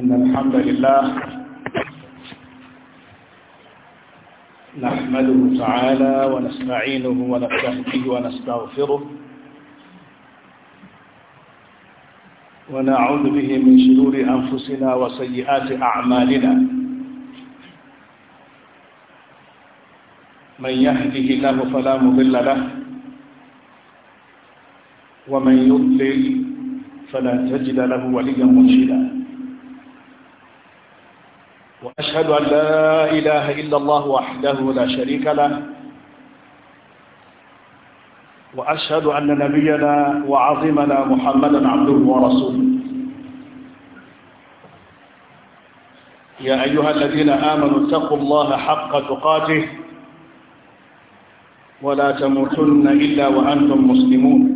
إن الحمد لله نحمده تعالى ونستعينه ونستهديه ونستغفره ونعوذ به من شرور أنفسنا وسيئات أعمالنا من يهده له فلا مضل له ومن يضلل فلا تجد له وليا مرشدا وأشهد أن لا إله إلا الله وحده لا شريك له وأشهد أن نبينا وعظمنا محمدا عبده ورسوله يا أيها الذين آمنوا اتقوا الله حق تقاته ولا تموتن إلا وأنتم مسلمون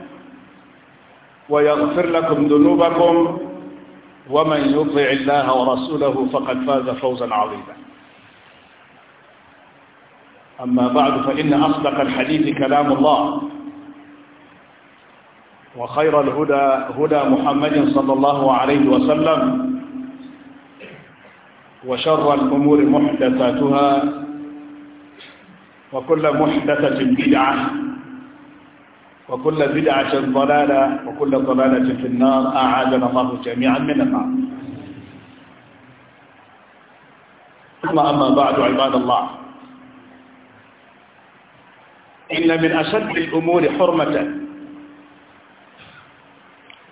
ويغفر لكم ذنوبكم ومن يطع الله ورسوله فقد فاز فوزا عظيما أما بعد فإن أصدق الحديث كلام الله وخير الهدى هدى محمد صلى الله عليه وسلم وشر الأمور محدثاتها وكل محدثة بدعة وكل بدعة ضلالة وكل ضلالة في النار أعاذنا الله جميعا من النار ثم أما بعد عباد الله إن من أشد الأمور حرمة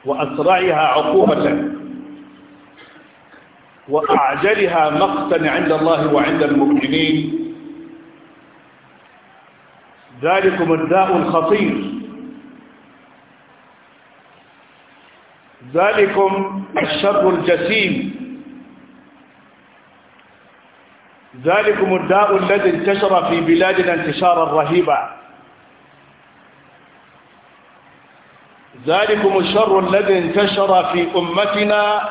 وأسرعها عقوبة وأعجلها مقتا عند الله وعند المؤمنين ذلكم الداء الخطير ذلكم الشر الجسيم ذلكم الداء الذي انتشر في بلادنا انتشارا رهيبا ذلكم الشر الذي انتشر في أمتنا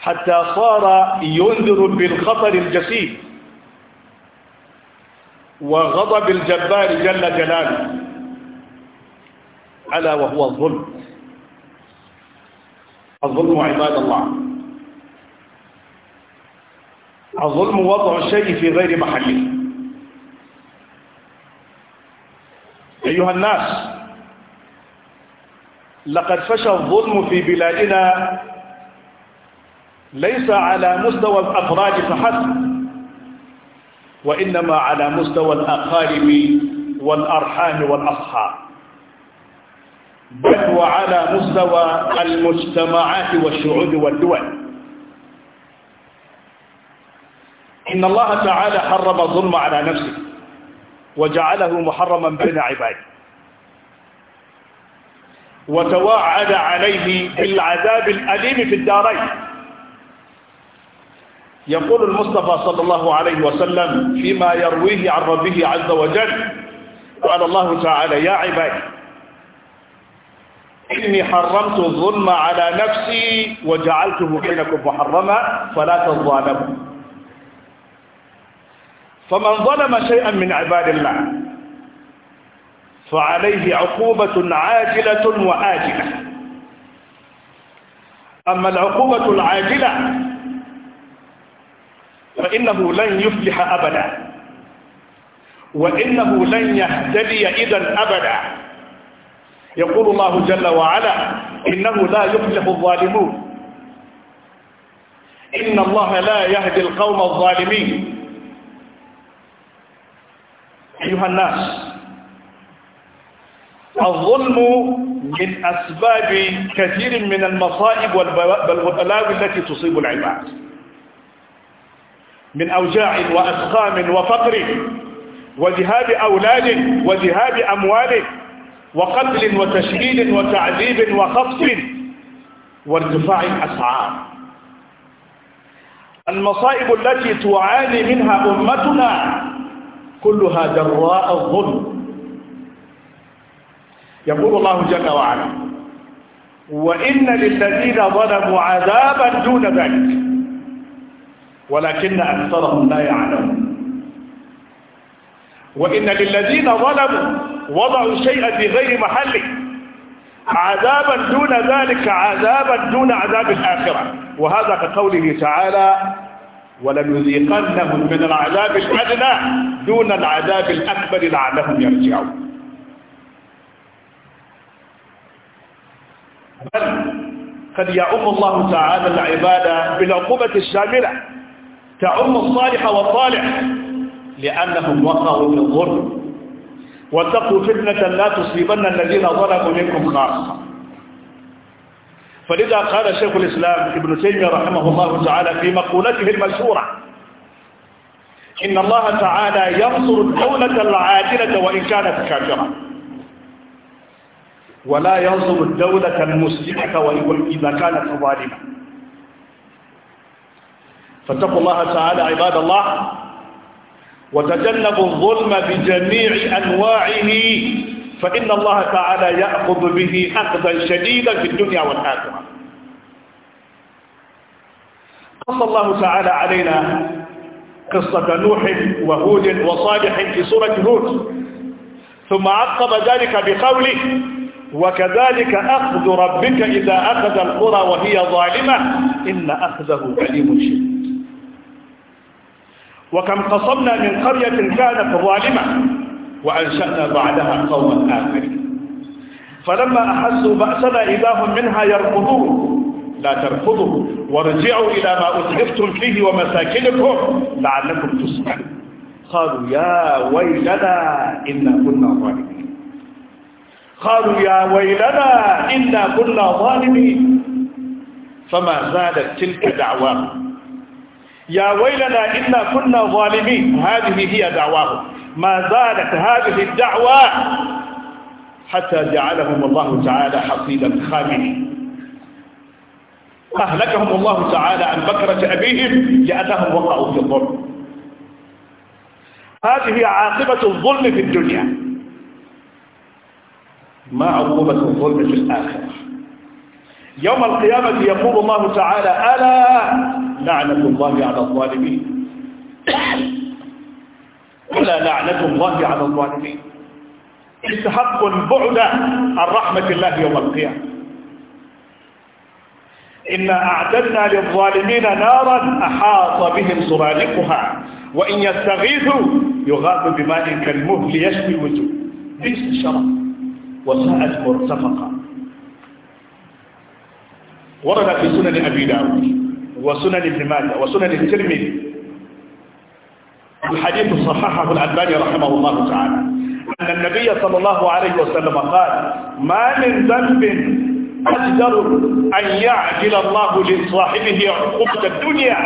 حتى صار ينذر بالخطر الجسيم وغضب الجبار جل جلاله ألا وهو الظلم الظلم عباد الله الظلم وضع الشيء في غير محله أيها الناس لقد فشى الظلم في بلادنا ليس على مستوى الأفراد فحسب وإنما على مستوى الأقارب والأرحام والأصحاب بل وعلى مستوى المجتمعات والشعوب والدول إن الله تعالى حرم الظلم على نفسه وجعله محرما بين عباده وتوعد عليه بالعذاب الأليم في الدارين يقول المصطفى صلى الله عليه وسلم فيما يرويه عن ربه عز وجل قال الله تعالى يا عبادي إني حرمت الظلم على نفسي وجعلته بينكم محرما فلا تظالموا فمن ظلم شيئا من عباد الله فعليه عقوبة عاجلة وآجلة أما العقوبة العاجلة فإنه لن يفلح أبدا وإنه لن يهتدي إذا أبدا يقول الله جل وعلا إنه لا يفلح الظالمون إن الله لا يهدي القوم الظالمين أيها الناس الظلم من أسباب كثير من المصائب والبلاوي التي تصيب العباد من أوجاع وأسقام وفقر وذهاب أولاد وذهاب أموال وقتل وتشديد وتعذيب وخطف وارتفاع الأسعار المصائب التي تعاني منها أمتنا كلها جراء الظلم يقول الله جل وعلا وإن للذين ظلموا عذابا دون ذلك ولكن أكثرهم لا يعلمون وإن للذين ظلموا وضعوا الشيء في غير محله عذابا دون ذلك عذابا دون عذاب الآخرة وهذا كقوله تعالى ولم يذيقنهم من العذاب الأدنى دون العذاب الأكبر لعلهم يرجعون بل قد يعم الله تعالى العبادة بالعقوبة الشاملة تعم الصالح والصالح لأنهم وقعوا في الظلم واتقوا فتنة لا تصيبن الذين ظلموا منكم خاصة فلذا قال شيخ الإسلام ابن تيمية رحمه الله تعالى في مقولته المشهورة إن الله تعالى ينصر الدولة العادلة وإن كانت كافرة ولا ينصر الدولة المسلمة وإن إذا كانت ظالمة فاتقوا الله تعالى عباد الله وتجنبوا الظلم بجميع أنواعه فإن الله تعالى يأخذ به أخذا شديدا في الدنيا والآخرة قص الله تعالى علينا قصة نوح وهود وصالح في سورة هود ثم عقب ذلك بقوله وكذلك أخذ ربك إذا أخذ القرى وهي ظالمة إن أخذه عليم شديد وكم قصمنا من قرية كانت ظالمة وأنشأنا بعدها قوما آخرين فلما أحسوا بأسنا إذا هم منها يركضون لا تركضوا وارجعوا إلى ما أتلفتم فيه ومساكنكم لعلكم تسمعون قالوا يا ويلنا إنا كنا ظالمين قالوا يا ويلنا إنا كنا ظالمين فما زالت تلك دعواهم يا ويلنا إنا كنا ظالمين هذه هي دعواهم ما زالت هذه الدعوة حتى جعلهم الله تعالى حصيدا خامدين أهلكهم الله تعالى عن بكرة أبيهم لأنهم وقعوا في الظلم هذه عاقبة الظلم في الدنيا ما عقوبة الظلم في الآخرة يوم القيامة يقول الله تعالى ألا لعنة الله على الظالمين ولا لعنة الله على الظالمين استحق البعد عن رحمة الله يوم القيامة إنا أعددنا للظالمين نارا أحاط بهم سرادقها وإن يستغيثوا يغاثوا بماء كالمهل يشفي الوجوه بئس الشرف وساءت مرتفقا ورد في سنن أبي داود وسنن ابن ماجه وسنن الترمذي الحديث صححه الألباني رحمه الله تعالى أن النبي صلى الله عليه وسلم قال ما من ذنب أجدر أن يعجل الله لصاحبه عقوبة الدنيا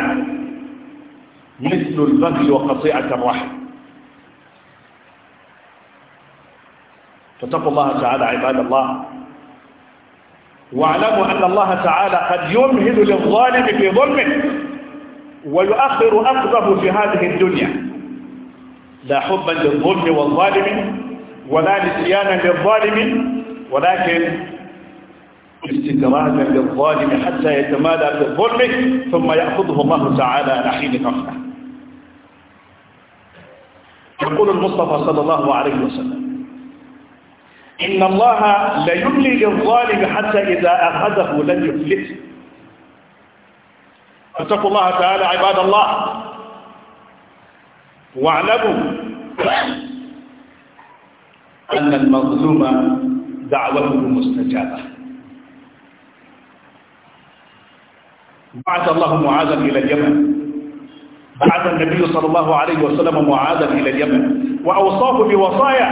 مثل البغي وقطيعة الرحم فاتقوا الله تعالى عباد الله واعلموا أن الله تعالى قد يمهل للظالم في ظلمه ويؤخر أخذه في هذه الدنيا لا حبا للظلم والظالم ولا نسيانا للظالم ولكن استدراجا للظالم حتى يتمادى في ظلمه ثم يأخذه الله تعالى على حين يقول المصطفى صلى الله عليه وسلم إن الله لا يملي للظالم حتى إذا أخذه لن يفلته فاتقوا الله تعالى عباد الله واعلموا أن المظلوم دعوته مستجابة بعث الله معاذا إلى اليمن بعث النبي صلى الله عليه وسلم معاذا إلى اليمن وأوصاه بوصايا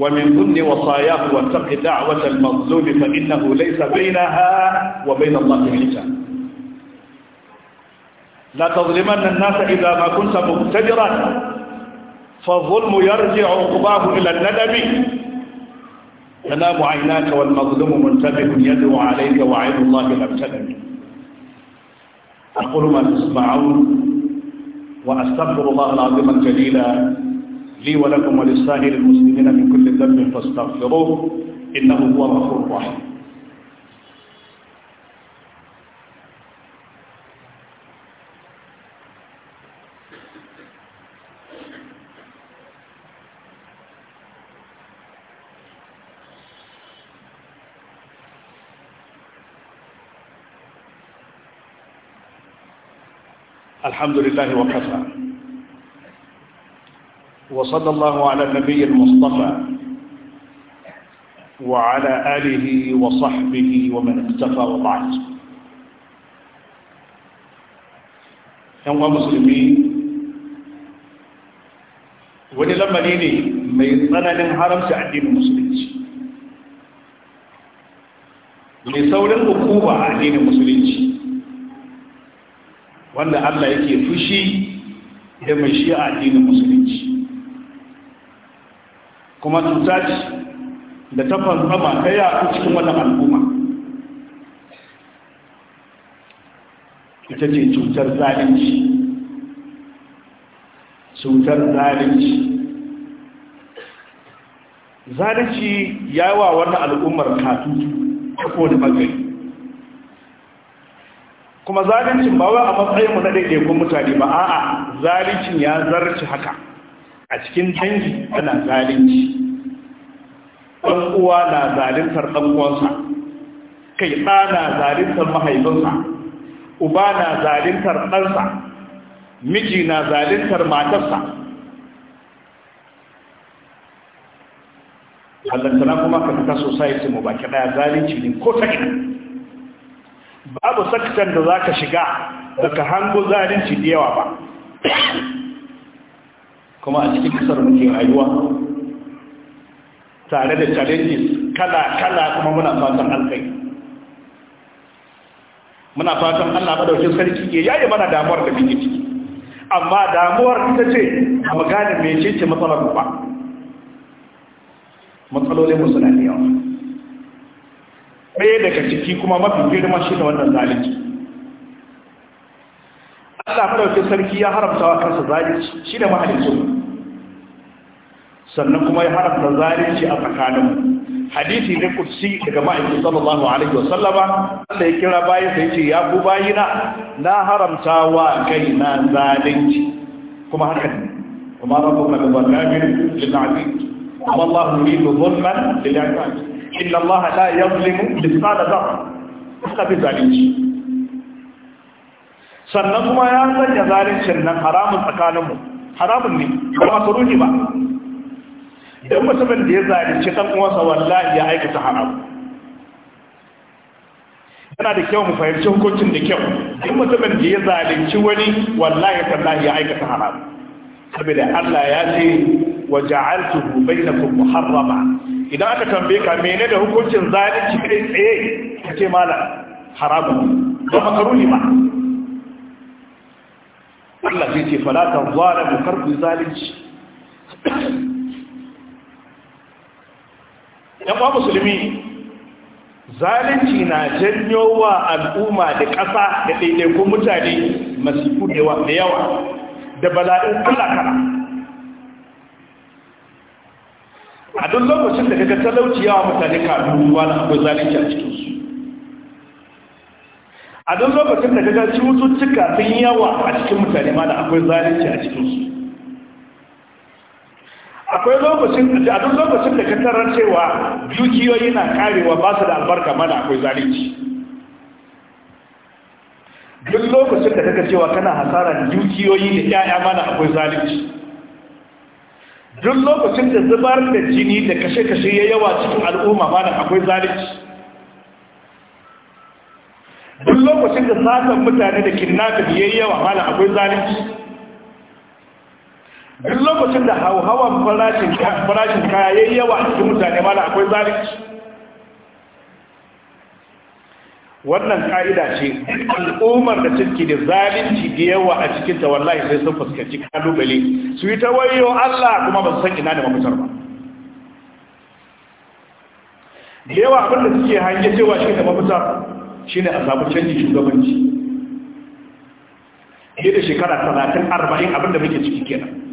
ومن ضمن وصاياه واتق دعوة المظلوم فإنه ليس بينها وبين الله حجاب لا تظلمن الناس إذا ما كنت مقتدرا فالظلم يرجع عقباه إلى الندم تنام عيناك والمظلوم منتبه يدعو عليك وعين الله لم تنم أقول ما تسمعون وأستغفر الله العظيم الجليل لي ولكم ولسائر المسلمين من كل ذنب فاستغفروه إنه هو الغفور الرحيم الحمد لله وكفى وصلى الله على النبي المصطفى وعلى آله وصحبه ومن اكتفى وبعد يوم مسلمين wani lamari ne mai tsananin haramta addinin musulunci mai saurin hukuma a addinin musulunci wanda allah yake fushi da mai shi a addinin musulunci kuma cuta ce da ta fantsama ta a cikin wannan al'umma ita ce cutar zalunci cutar zalunci zalunci ya yi wa wannan al'ummar katu ta da magani kuma zalincin ba wa a mu na daidaikun mutane ba a'a zalincin ya zarci haka a cikin dangi ana zalunci ɗan uwa na zalintar ɗan uwansa kai ɗa na zalintar mahaifinsa uba na zalintar ɗansa miji na zalintar matarsa hallantana kuma ka fita society mu baki daya zalunci ne ko ta ina babu sakatan da zaka shiga daga hango zalunci da yawa ba kuma a cikin kasar muke rayuwa tare da challenges kala-kala kuma muna fatan alkai muna fatan allah madaukin sarki ya yayi mana damuwar da muke ciki amma damuwar ita ce a magana mai ce matsalar ba matsalolin musu na yawa ɗaya daga ciki kuma mafi girma shi da wannan zalunci allah madaukin sarki ya haramta wa kansa zalunci shi da mahalicin sannan kuma ya haramta zalunci a tsakaninmu hadisi ne kursi daga ma'aikin sallallahu alaihi wasallama Allah ya kira bayan sai ce ya ku bayina na haramta wa kai na zalunci kuma haka ne kuma rabbuka da zalimin lil azim amma Allah yuridu zulman lil ibad inna Allah la yuzlimu mithqala dharra haka bi zalunci sannan kuma ya sanya zaluncin nan haramun tsakaninmu haramun ne ba masarufi ba idan mutumin da ya zalunci ɗan uwansa wallahi ya aikata haram yana da kyau mu fahimci hukuncin da kyau duk mutumin da ya zalunci wani wallahi tallahi ya aikata haram saboda Allah ya ce wa ja'altuhu bainakum muharrama idan aka tambaye ka menene da hukuncin zalunci kai tsaye ka ce malam haramun ba makaruni ba Allah zai ce falatar zuwa da bukar ku zalunci yan ba musulmi zalunci na janyo wa al'umma da ƙasa da ɗaiɗaikun mutane masifu da yawa da bala'in kala-kala a duk lokacin da kaga talauci yawa mutane kafin ruwa na akwai zalunci a cikinsu a duk lokacin da kaga cututtuka sun yawa a cikin mutane ma da akwai zalunci a cikinsu akwai lokacin a duk lokacin da ka tarar cewa dukiyoyi na karewa ba su da albarka mana akwai zalunci duk lokacin da kaka cewa kana hasara dukiyoyi da 'ya'ya mana akwai zalunci duk lokacin da zubar da jini da kashe-kashe ya yawa cikin al'umma mana akwai zalunci duk lokacin da satan mutane da kidnapping ya yawa mana akwai zalunci duk lokacin da hauhawar farashin kaya yayi yawa a cikin mutane da akwai zalici wannan ka'ida ce al'ummar da cikki da zalici da yawa a cikin ta wallahi sai sun fuskanci kalubale su yi ta wayo Allah kuma ba su san ina da mafitar ba da yawa abin da suke hange cewa shi da mafitar ne a samu canji shugabanci fiye da shekara talatin arba'in abin da muke ciki kenan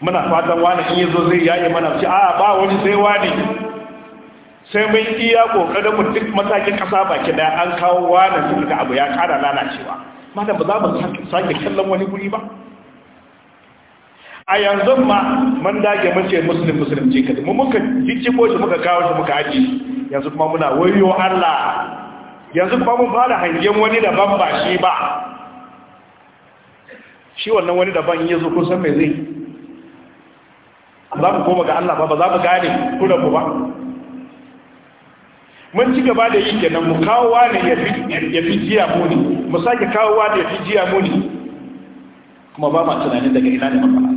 muna fatan wani in yazo zai yaye mana shi a ba wani sai wani sai mun iya kokarin mu duk matakin kasa baki daya an kawo wani sun ga abu ya kara lalacewa malam ba za mu sake kallon wani guri ba a yanzu ma mun dage mace muslim muslim ce kada mu muka ko shi muka kawo shi muka aji yanzu kuma muna wayo Allah yanzu kuma mun fara hangen wani ban ba shi ba shi wannan wani daban yanzu kun san me zai za mu koma ga Allah ba ba za mu gane da ku ba mun ci gaba da yi kenan mu kawo wani ya fi jiya muni mu sake kawo wani ya fi jiya muni kuma ba ma tunanin daga ina ne mafana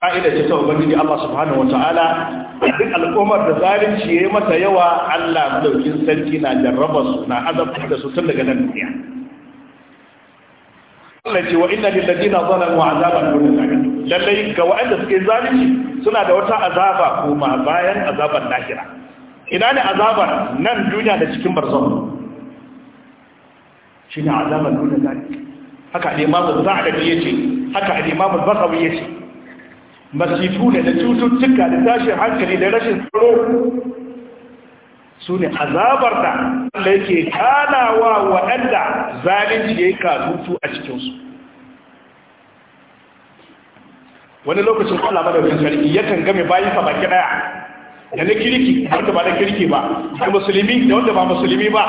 ƙa'ida ce ta gani Allah subhanahu wa ta'ala. duk al'ummar da zalunci ya yi mata yawa Allah daukin sarki na jarraba su na azabtar da su tun daga nan duniya Allah ce wa inna lil ladina zalamu azaban min lallai ga waɗanda suke zalunci suna da wata azaba kuma bayan azaban lahira ina ne azabar nan duniya da cikin barzan shine azaban duniya zalunci haka al-imamu za'adi yace haka al-imamu basawi yace masifu ne da cututtuka da tashin hankali da rashin tsaro su azabar da Allah yake kanawa waɗanda zalunci ya yi kazutu a cikinsu wani lokacin Allah madaukin sarki yakan game bayan fa baki daya da na kirki wanda ba na kirki ba da musulmi da wanda ba musulmi ba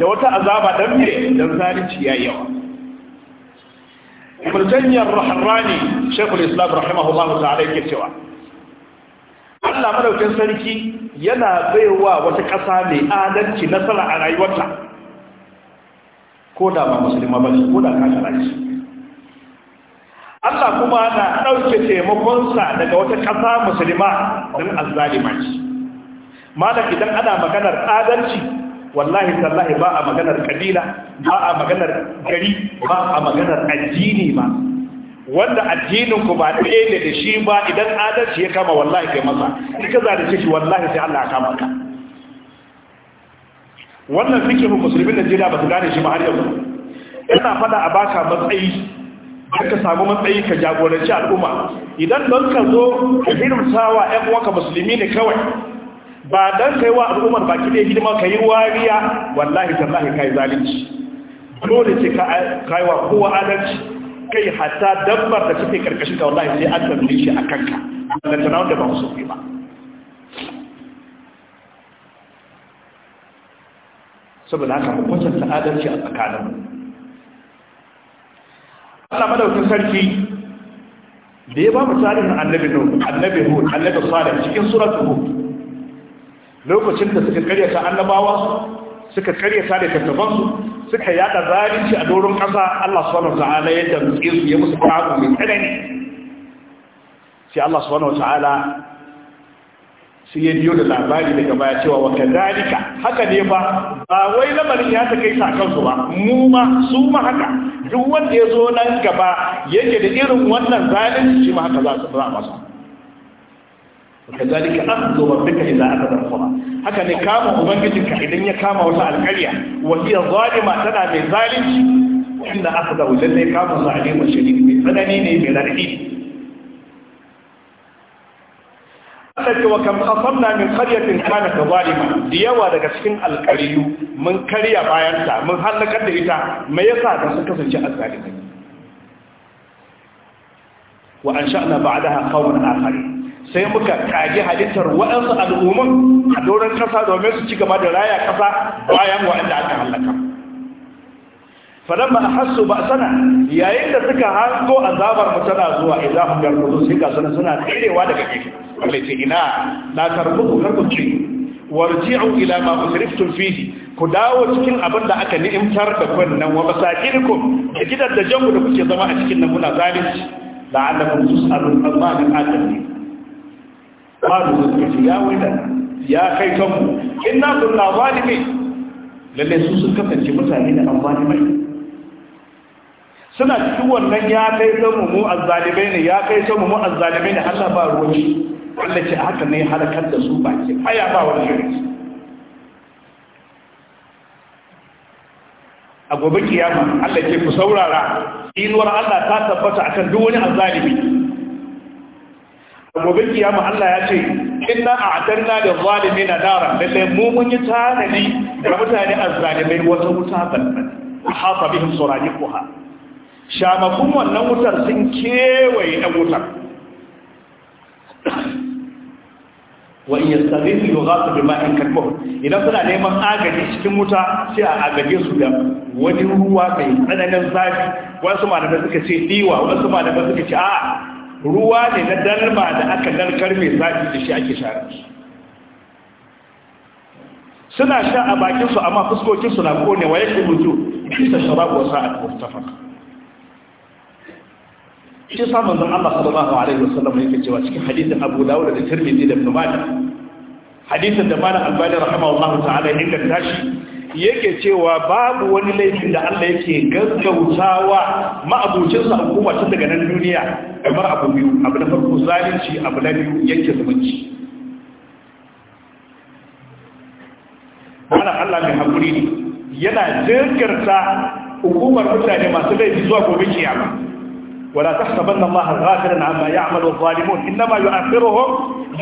da wata azaba dan me dan zalunci yayi yawa Ibn Taymiyyah Rahmani Sheikhul Islam rahimahullahu ta'ala yake cewa Allah madaukin sarki yana baiwa wata ƙasa mai adalci nasara a rayuwarta ko da ba musulma ba ko da ta ce Allah kuma na ɗauke taimakonsa daga wata ƙasa musulma don azzalima ce malam idan ana maganar adalci wallahi sallahi ba a maganar kabila ba a maganar gari ba a maganar addini ba wanda addinin ku ba ɗaya ne da shi ba idan adalci ya kama wallahi kai masa in ka zalunce shi wallahi sai Allah ya kama ka wannan fikihu musulmin Najeriya ba su gane shi ba har yanzu yana fada a baka matsayi ka samu matsayi ka jagoranci al'umma idan don ka zo ka hirmta wa ƴan uwanka musulmi ne kawai ba dan kai wa al'ummar baki ɗaya hidima ka yi wariya wallahi tallahi yi zalunci dole ce ka kai wa kowa adalci kai hata dabbar da suke karkashin ka wallahi sai an tambaye shi a kanka daga tana da ba musulmi ba saboda haka mu kwatanta adalci a tsakanin Allah madaukin sarki da ya ba mu tarihin annabi nuhu annabi hud annabi salih cikin suratul hud lokacin da suka karyata annabawa suka karyata da tattabansu suka yada zalunci a doron ƙasa Allah subhanahu wataala ya damtse su ya musu kawo mai tsanani sai Allah subhanahu wataala sai ya biyo da labari daga baya cewa wa kadalika haka ne ba ba wai lamarin ya ta kai kansu ba mu ma su ma haka duk wanda ya zo nan gaba yake da irin wannan zalunci ma haka za su fara masa وكذلك أخذ ربك إذا أخذ القرى haka ne kama ka idan ya kama wata alƙarya wasiya zalima tana mai zalunci inda aka da wajen ne kama zalimin shari'a mai tsanani ne mai raɗaɗi Allah ce wa kam qasamna min qaryatin kanat zalima da yawa daga cikin alƙaryu mun karya bayanta mun halakar da ita mai yasa da su kasance azzalimai wa ba da qawman akharin sai muka kage halittar waɗansu al'umman a doron ƙasa domin su ci gaba da raya ƙasa bayan waɗanda aka hallaka falamma hasu ba sana yayin da suka hango azabar mu tana zuwa idan hum yarkudu sai ga suna suna tsirewa daga gefe Allah ce ina la tarbu karkuci warji'u ila ma usriftum fihi ku dawo cikin abin da aka ni'imtar da ku nan wa basakirkum gidan da jangu da kuke zama a cikin nan kuna zalunci la'allakum tus'alun amma min قالوا سكتي يا ويلنا يا كيتم إنا كنا ظالمين lalle su sun kasance mutane da mai. suna cikin wannan ya kai ta mu zalibai ne ya kai ta mu zalibai ne Allah ba ruwanci wanda ke haka ne halakar da su ba baki aya ba wani shirki a gobe kiyama Allah ke ku saurara inuwar Allah ta tabbata akan duk wani azzalimi gobe kiyama Allah ya ce inna a'tarna lil zalimin nara lalle mu mun yi tanadi ga mutane azzalimai wata wuta balbal hafa bihim suradiquha shamakun wannan wutar sun kewaye da wutar wa in yastaghith yughath bima'in kalmuh idan suna neman agaji cikin wuta sai a agaje su da wani ruwa mai tsananin zafi wasu malamai suka ce diwa wasu malamai suka ce a'a ruwa ne na dalma da aka narkar mai zafi da shi ake share suna sha a bakinsu amma fuskokinsu na kone wa yake mutu bisa sharabuwa sa'ad mustafak shi samun zan Allah sallallahu alaihi wasallam yake cewa cikin hadisin Abu Dawud da Tirmidhi da Ibn Majah hadisin da Malam Albani rahimahullahu ta'ala ya inganta shi yake cewa babu wani laifin da Allah yake gaggautawa ma'abucinsa hukuma tun daga nan duniya kamar abu biyu abu na farko zalunci abu na biyu yanke zumunci wannan Allah mai hakuri ne yana jirgarta hukumar mutane masu laifi zuwa gobe kiyama ولا تحسبن الله غافلا عما يعمل الظالمون انما يؤخرهم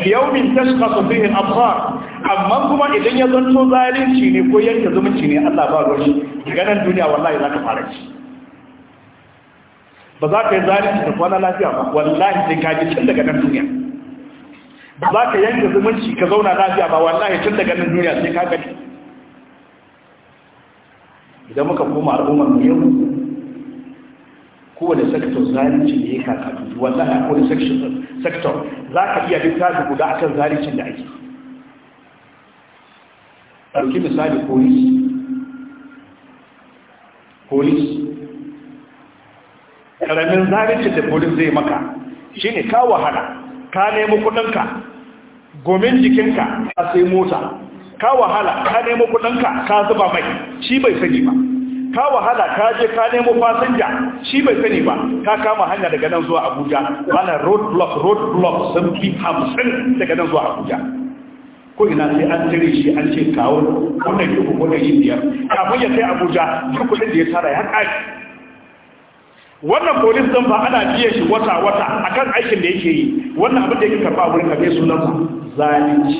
ليوم تشخص فيه الابصار amma kuma idan ya zanto zalunci ne ko yanke zumunci ne Allah ba ruwan shi daga nan duniya wallahi za ka fara ci ba za ka yi zalunci da kwana lafiya ba wallahi sai ka ji cin daga nan duniya ba za ka yanke zumunci ka zauna lafiya ba wallahi cin daga nan duniya sai ka gani idan muka koma al'ummar mu yau kowane sektor zalunci ne ya kakatu wallahi a kowane sektor za ka iya littafi guda akan zalunci da ake ɗauki misali polis polis ƙaramin zarici da polis zai maka shi ne ka wahala ka nemi kudinka gomin jikinka ka sai mota ka wahala ka nemi kudinka ka zuba mai shi bai sani ba ka wahala ka je ka nemo fasinja shi bai sani ba ka kama hanya daga nan zuwa abuja mana road block road block sun fi hamsin daga nan zuwa abuja ko ina sai an tare shi an ce kawo wannan yi ko da yi biyar kafin ya sai abuja duk kudin da ya tara ya kai wannan polis din ba ana biye shi wata wata akan aikin da yake yi wannan abin da yake karba wurin bai sunan zalunci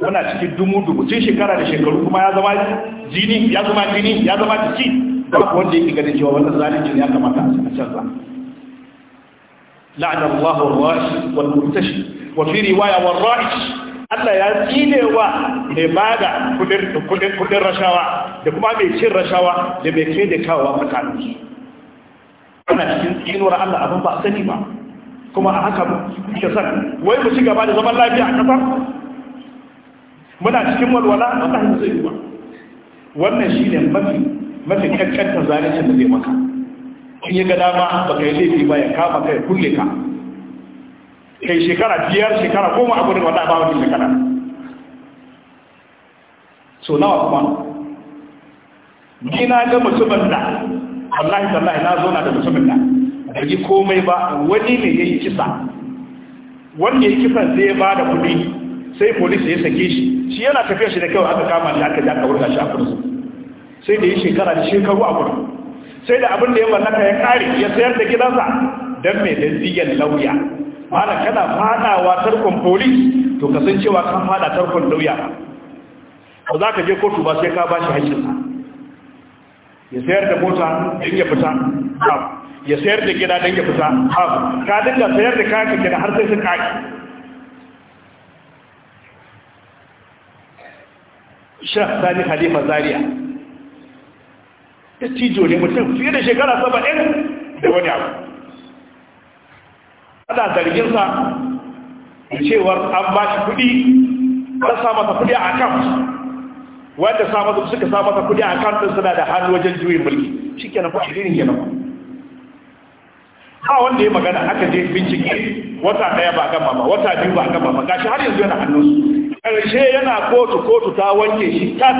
wannan cikin dumu dubu cikin shekara da shekaru kuma ya zama jini ya zama jini ya zama jiki da wanda yake ganin cewa wannan zalunci ya kamata a canza la'anallahu Allahu ar wal mutashi wa fi riwaya wa ra'ish Allah ya wa mai bada kudin kudin rashawa da kuma mai cin rashawa da mai kai da kawo tsakanin su ana cikin tsinuwar Allah abin ba sani ba kuma a haka ke san wai mu ci gaba da zaman lafiya a kasar muna cikin walwala a hannu zai yi ba wannan shi ne mafi mafi kankanta zalincin da zai maka in yi ga dama ba ka yi laifi ba ya kama ka ya kulle ka kai shekara biyar shekara goma abu gudun wata ba wani shekara so nawa kuma ni na ga musamman da wallahi tallahi na zo na da musamman da da yi komai ba wani ne ya yi kisa wanda ya yi kisan sai ya ba da kudi sai polis ya sake shi shi yana tafiya shi da kyau aka kama da aka jaka wurin shi a kursu sai da yi shekara da shekaru a gurin sai da abin da ya mallaka ya kare ya sayar da gidansa don mai da lauya mala kana fadawa tarkon polis to kasancewa kan fada tarkon lauya ba za ka je kotu ba sai ka ba shi haƙƙinsa ya sayar da mota don ya fita abu ya sayar da gida don ya fita abu ka dinga sayar da kayan gida har sai sun kaki shaf sani halifa zaria ya cijo ne mutum fiye da shekara saba'in da wani abu ana zargin sa cewar an ba shi kudi ta sa masa kuɗi a kan. wanda sa masa suka sa masa kudi a kan din suna da hannu wajen juyin mulki shikenan fa shirin kenan ba wanda ya magana aka je bincike wata daya ba gama ba wata biyu ba gama ba gashi har yanzu yana su karshe yana kotu kotu ta wanke shi tas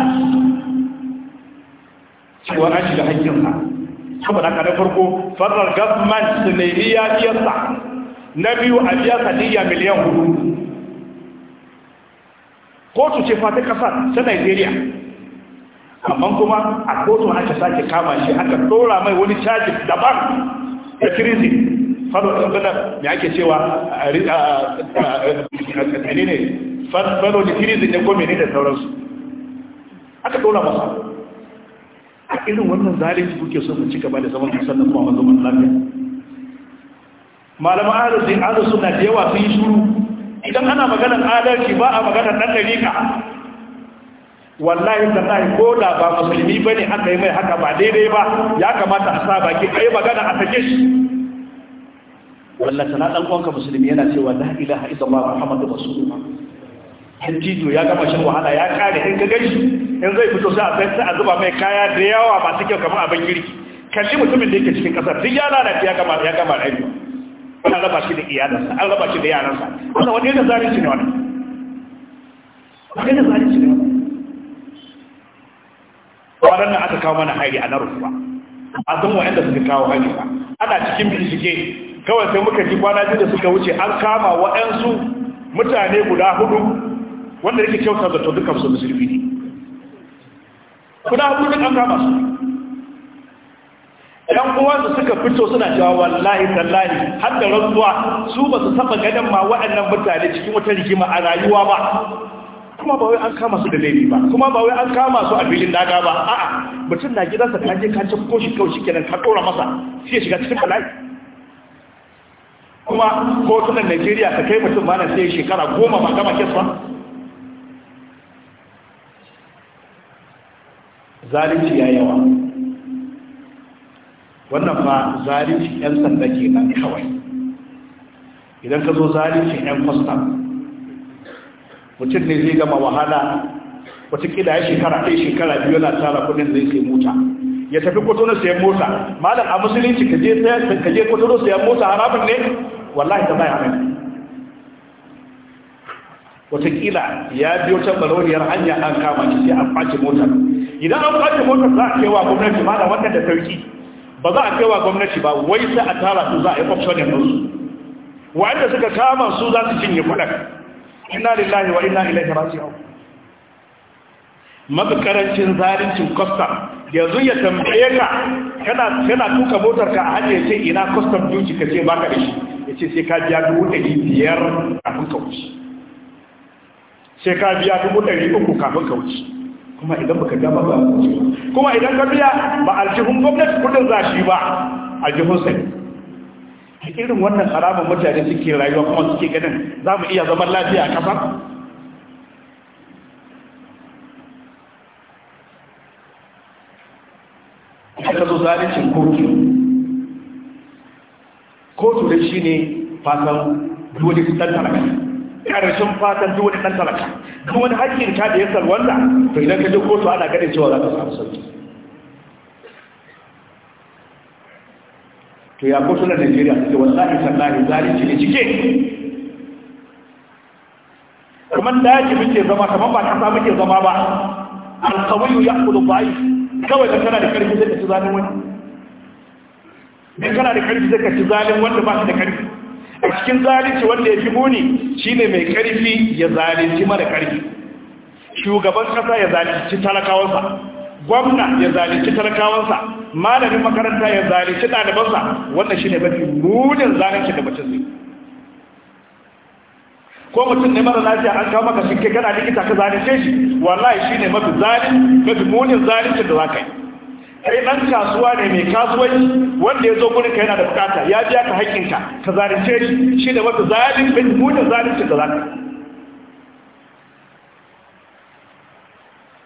cewa an shiga sa saboda haka na farko farar gafman sunayi ya iya sa na biyu a biya sadiyya miliyan hudu kotu ce fata kasar ta nigeria amma kuma a kotu aka sake kama shi aka tsora mai wani caji daban da kirizi falo ɗanɗanar da ake cewa a ne ne falo da kirisi ne gome ne da sauransu aka tsora masa a irin wannan zalici kuke sun mu ci gaba da zaman kasar da kuma mazaman lafiya malaman ahalusin ahalusun suna da yawa sun yi shuru idan ana maganar adalci ba a maganar ɗan ɗariƙa wallahi tallahi ko da ba musulmi ba ne aka yi mai haka ba daidai ba ya kamata a sa baki kai magana a take shi wallata na ɗan ƙwanka musulmi yana cewa la ilaha illallah muhammadu rasulullah in jijo ya gama shan wahala ya kare in ka gashi in zai fito sai a sai sai a zuba mai kaya da yawa masu kyau kamar abin girki kalli mutumin da yake cikin kasar duk ya lalace ya gama ya gama rayuwa an raba shi da iyalansa an raba shi da yaransa wannan wani da zalunci ne wannan wani da zalunci ne wannan kwanan nan aka kawo mana hari a na rufuwa a san wa'anda suka kawo hari ba ana cikin bincike kawai sai muka ji kwana da suka wuce an kama wa'ansu mutane guda hudu wanda yake kyauta da to dukansu musulmi ne guda hudu an kama su ɗan su suka fito suna cewa wallahi tallahi har da rantsuwa su ba su saba ganin ma waɗannan mutane cikin wata rigima a rayuwa ba kuma ba wai an kama su da laifi ba kuma ba wai an kama su a filin daga ba a'a mutum na gidansa ta je ka ko shi kawai shi kenan ka ɗora masa sai shiga cikin bala'i kuma kotunan Najeriya ka kai mutum ma na sai shekara goma ba gama kesa zalunci ya yawa wannan ba zalunci 'yan sanda ke nan kawai idan ka zo zalunci 'yan kwastam mutum ne zai gama wahala watakila ya shekara ɗaya shekara biyu na tara kudin zai sai mota ya tafi na sayan mota malam a musulunci ka je kwatano sayan mota haramun ne wallahi ta bayan hannun watakila ya biyo ta barauniyar hanyar an kama shi sai an ɓace motar idan an ɓace motar za a kewa gwamnati malam wannan da sauki ba za a kaiwa gwamnati ba wai sai a tara su za a yi optionin musu wa'anda suka kama su za su cinye kudin inna lillahi wa inna ilaihi raji'un matsakarancin zalincin custom yanzu ya tambaye ka kana kana tuka motar ka a hanyar ce ina custom duty ka ce baka da shi ya ce sai ka biya dubu ɗari biyar kafin ka wuce sai ka biya dubu ɗari uku kafin ka wuce kuma idan baka gama ba kuma idan ka biya ba aljihun gwamnati kudin za shi ba aljihun sai irin wannan haramun mutane suke rayuwa kuma suke ganin za mu iya zaman lafiya a kasar aka zo zalicin kotu kotu da shi ne fasan dole su tattara kai karshen fatan duk wani ɗan talaka duk wani hakkin ka da ya salwanta to idan ka ji kotu ana ganin cewa za ka samu sauki to ya kotu na Najeriya suke wallahi sallahi zalunci ne cike kamar daji muke zama kamar ba kasa muke zama ba alkawai ya kudu yi kawai da kana da karfi zai ka ci zalin wani in kana da karfi zai ka ci zalin wanda ba da karfi a cikin zalunci wanda ya fi muni ne mai karfi ya zalunci mara karfi shugaban ƙasa ya zalunci talakawansa gwamna ya zalunci talakawansa malamin makaranta ya zalunci ɗalibansa wannan ne mafi munin zalunci da mutum zai ko mutum ne mara lafiya an kawo maka ke kana likita ka zalunce shi wallahi shi ne mafi zalunci da za ka yi kai ɗan kasuwa ne mai kasuwanci wanda ya zo gurin ka yana da bukata ya biya ka haƙƙinka ka zalunce shi shi da wata zalimin munin zalunci da zaka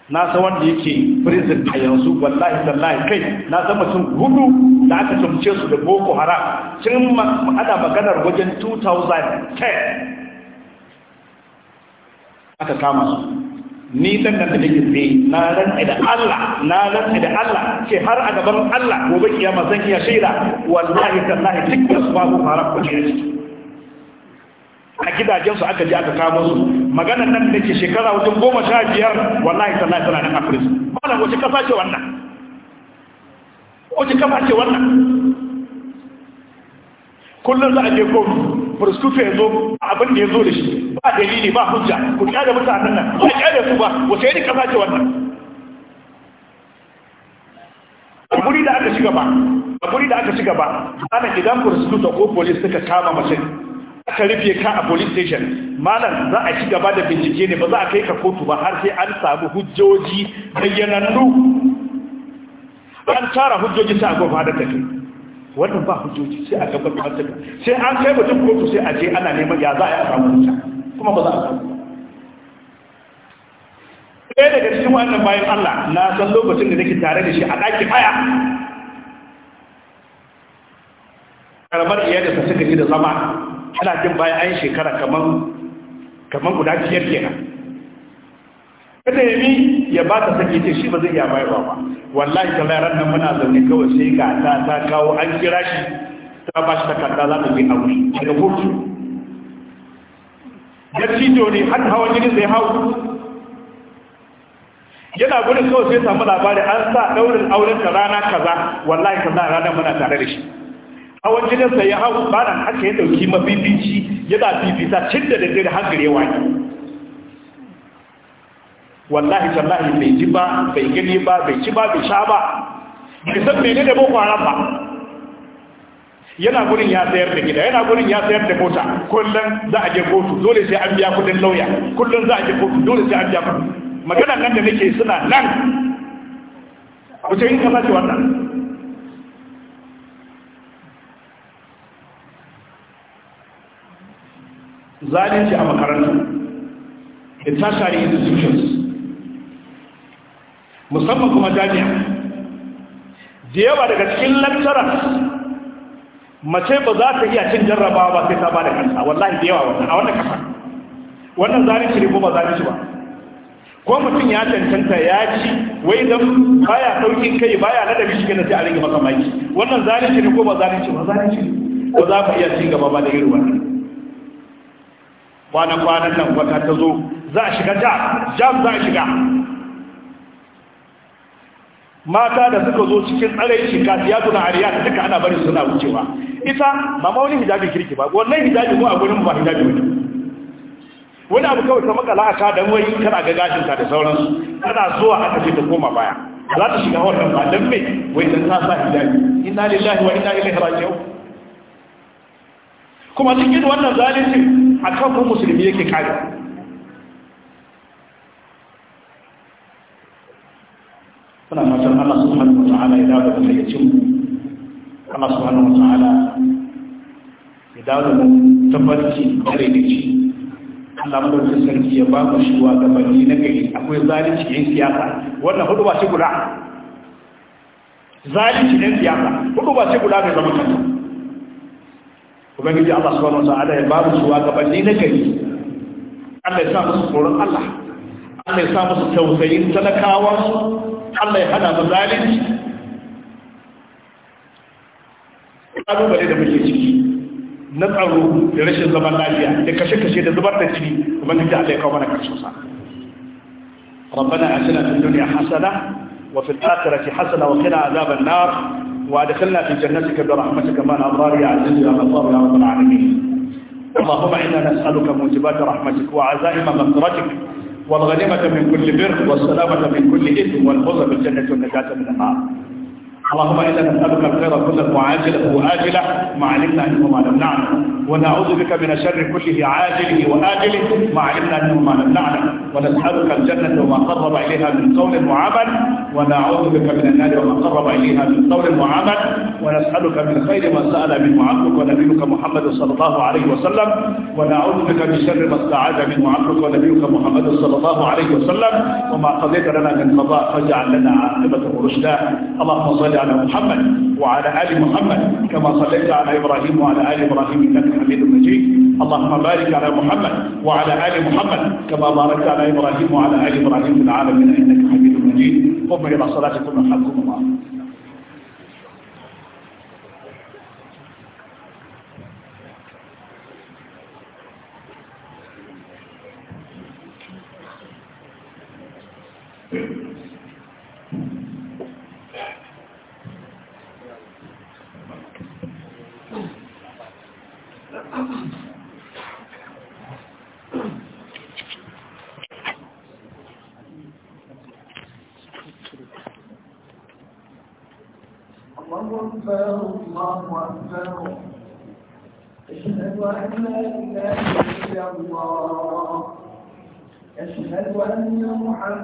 na san wanda yake prison a yanzu wallahi tallahi kai na san mutum hudu da aka tumce su da boko haram sun ana maganar wajen 2010 aka kama su ni dan da take tsaye na rantsa da Allah na rantsa da Allah ce har a gaban Allah gobe kiyama zan iya shaida wallahi tallahi dukkan su babu fara ku ne a gidajen su aka je aka kawo su maganar nan da ke shekara wajen goma sha biyar wallahi tallahi tana da afirka wannan wace kasa ce wannan wace kafa ce wannan kullum za a je kofi. fursufe ya zo abin da ya zo da shi ba dalili ba hujja ku kyale mutanen nan ba kyale su ba wace irin kasa ce wannan a da aka shiga ba a da aka shiga ba ana idan fursufe ko police suka kama mace aka rufe ka a police station malam za a shiga ba da bincike ne ba za a kai ka kotu ba har sai an samu hujjoji bayyanannu an tara hujjoji ta agogo da tafi wannan ba hujjoji sai a gaban masaka sai an kai mutum kotu sai a je ana neman ya za a yi a samun mutum kuma ba za a samu ba. ɗaya daga cikin wannan bayan Allah na san lokacin da nake tare da shi a ɗakin haya karamar da suka ji da zama ana jin bayan an shekara kamar guda biyar kenan ka nemi ya ba ta sake ce shi ba zai iya bayarwa ba wallahi ta ran nan muna zaune kawai sai ga ta ta kawo an kira shi ta ba shi takarda za ta je aure daga kurtu ya ci ne har hawan jini zai hau yana gudu kawai sai samu labari an sa daurin auren ta rana kaza wallahi kaza nan muna tare da shi hawan jininsa ya hau ba nan haka ya dauki mabibici yana bibita cin da dare hankali ya wani wallahi tallahi bai ji ba bai gani ba bai ci ba bai sha ba bai san mene da boko haram ba yana gurin ya sayar da gida yana gurin ya sayar da mota kullum za a je kotu dole sai an biya kudin lauya kullum za a je kotu dole sai an biya kudin magana nan da nake suna nan ku ce in ka sace wannan zalunci a makarantu the tertiary institutions musamman kuma jami'a da yawa daga cikin lecturer mace ba za ta iya cin jarrabawa ba sai ta ba da kansa wallahi da yawa wannan a wannan kasa wannan zalunci ne ko ba shi ba ko mutum ya cancanta ya ci wai dan baya dauki kai baya da bishigin da sai a rage masa maki wannan zalunci ne ko ba shi ba zalunci shi. ba za ka iya cin gaba ba da irin wannan kwana kwanan nan wata ta zo za a shiga jam za a shiga mata da suka zo cikin tsaraici kasiyatu na da duka ana barin suna wucewa ita ba ma wani hijabi kirki ba wannan hijabi mu a gurin ba hijabi wani wani abu kawai ta makala a ka dan wani kana ga gashin ta da sauransu tana zuwa a ce ta koma baya za ta shiga wannan ba dan me wai dan ta sa hijabi inna lillahi wa inna ilaihi raji'un kuma cikin wannan zalunci akan mu musulmi yake kare muna fatan Allah subhanahu wa ta'ala ya dawo da fayyacin Allah subhanahu wa ta'ala ya dawo da tabbaci kare da shi Allah madaukakin sarki ya ba mu shi wa gabanni na gari akwai zalunci yin siyasa wannan hudu ba ce guda zalunci yin siyasa hudu ba ce guda mai zama kanta ubangiji Allah subhanahu wa ta'ala ya ba mu shi wa gabanni na gari Allah ya sa musu tsoron Allah Allah ya sa musu tausayin talakawansu Allah ya hada zalunci kalubale da muke ciki na tsaro da rashin zaman lafiya da kashe-kashe da zubar da jini kuma nake Allah ya kawo mana karshen والغنيمة من كل بر والسلامة من كل إثم والفوز بالجنة والنجاة من النار اللهم إنا نسألك الخير كله عاجله وآجله ما علمنا أنه ما لم نعلم ونعوذ بك من شر كله عاجله وآجله ما علمنا أنه ما لم نعلم ونسألك الجنة وما قرب إليها من قول وعمل ونعوذ بك من النار وما قرب إليها من قول وعمل ونسألك من خير ما سأل منه عبدك ونبيك محمد صلى الله عليه وسلم ونعوذ بك من شر ما استعاذ منه عبدك ونبيك محمد صلى الله عليه وسلم وما قضيت لنا من قضاء فاجعل لنا عاقبته رشدا اللهم صل على محمد وعلى آل محمد كما صليت على إبراهيم وعلى آل إبراهيم إنك حميد مجيد اللهم بارك على محمد وعلى آل محمد كما باركت على إبراهيم وعلى آل إبراهيم في العالمين إنك حميد مجيد قم إلى صلاتكم الحمد لله الله أشهد أن محمدا